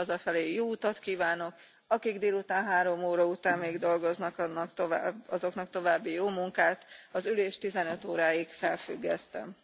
hazafelé jó utat kvánok akik délután három óra után még dolgoznak azoknak további jó munkát az ülést fifteen óráig felfüggesztem.